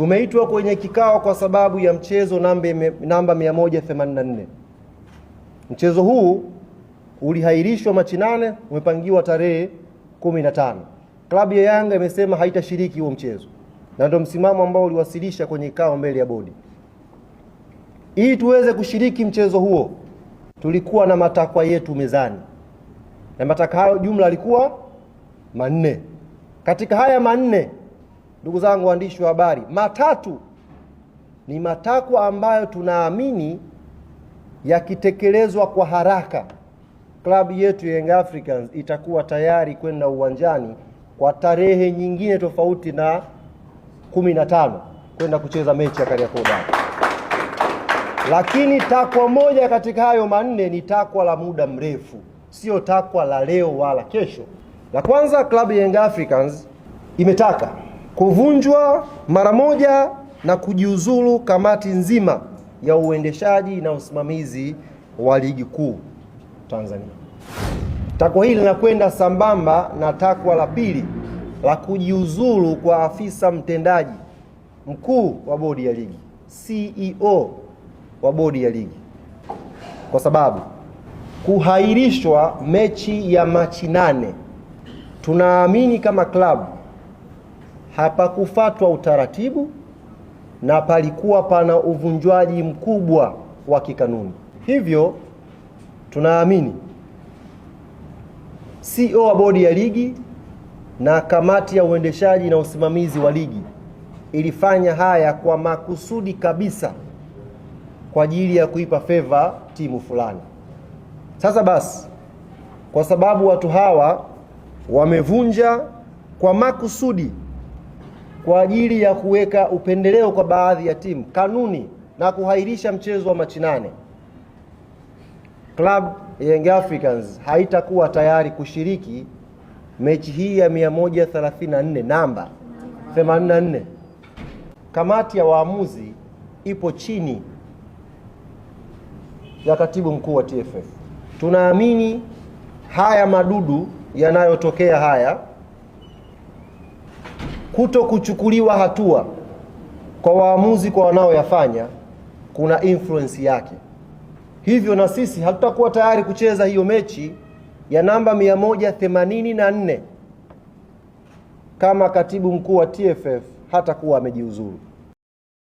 Tumeitwa kwenye kikao kwa sababu ya mchezo namba 184. Mchezo huu ulihairishwa Machi nane, umepangiwa tarehe 15. Klabu ya Yanga imesema haitashiriki huo mchezo, na ndio msimamo ambao uliwasilisha kwenye kikao mbele ya bodi. Ili tuweze kushiriki mchezo huo, tulikuwa na matakwa yetu mezani, na matakwa hayo jumla alikuwa manne. Katika haya manne Ndugu zangu waandishi wa habari, matatu ni matakwa ambayo tunaamini yakitekelezwa kwa haraka, klabu yetu ya Young Africans itakuwa tayari kwenda uwanjani kwa tarehe nyingine tofauti na 15 kwenda kucheza mechi ya Kariakoo Derby. Lakini takwa moja katika hayo manne ni takwa la muda mrefu, sio takwa la leo wala kesho. La kwanza, klabu ya Young Africans imetaka kuvunjwa mara moja na kujiuzulu kamati nzima ya uendeshaji na usimamizi wa ligi kuu Tanzania. Takwa hili linakwenda sambamba na takwa la pili la kujiuzulu kwa afisa mtendaji mkuu wa bodi ya ligi, CEO wa bodi ya ligi, kwa sababu kuhairishwa mechi ya Machi nane, tunaamini kama klabu hapakufatwa utaratibu na palikuwa pana uvunjwaji mkubwa wa kikanuni. Hivyo tunaamini CEO wa bodi ya ligi na kamati ya uendeshaji na usimamizi wa ligi ilifanya haya kwa makusudi kabisa kwa ajili ya kuipa feva timu fulani. Sasa basi, kwa sababu watu hawa wamevunja kwa makusudi kwa ajili ya kuweka upendeleo kwa baadhi ya timu, kanuni na kuhairisha mchezo wa Machi nane, club Young Africans haitakuwa tayari kushiriki mechi hii ya 134 namba 84. Kamati ya waamuzi ipo chini ya katibu mkuu wa TFF. Tunaamini haya madudu yanayotokea haya kuto kuchukuliwa hatua kwa waamuzi kwa wanaoyafanya kuna influence yake. Hivyo na sisi hatutakuwa tayari kucheza hiyo mechi ya namba 184 kama katibu mkuu wa TFF hatakuwa amejiuzuru.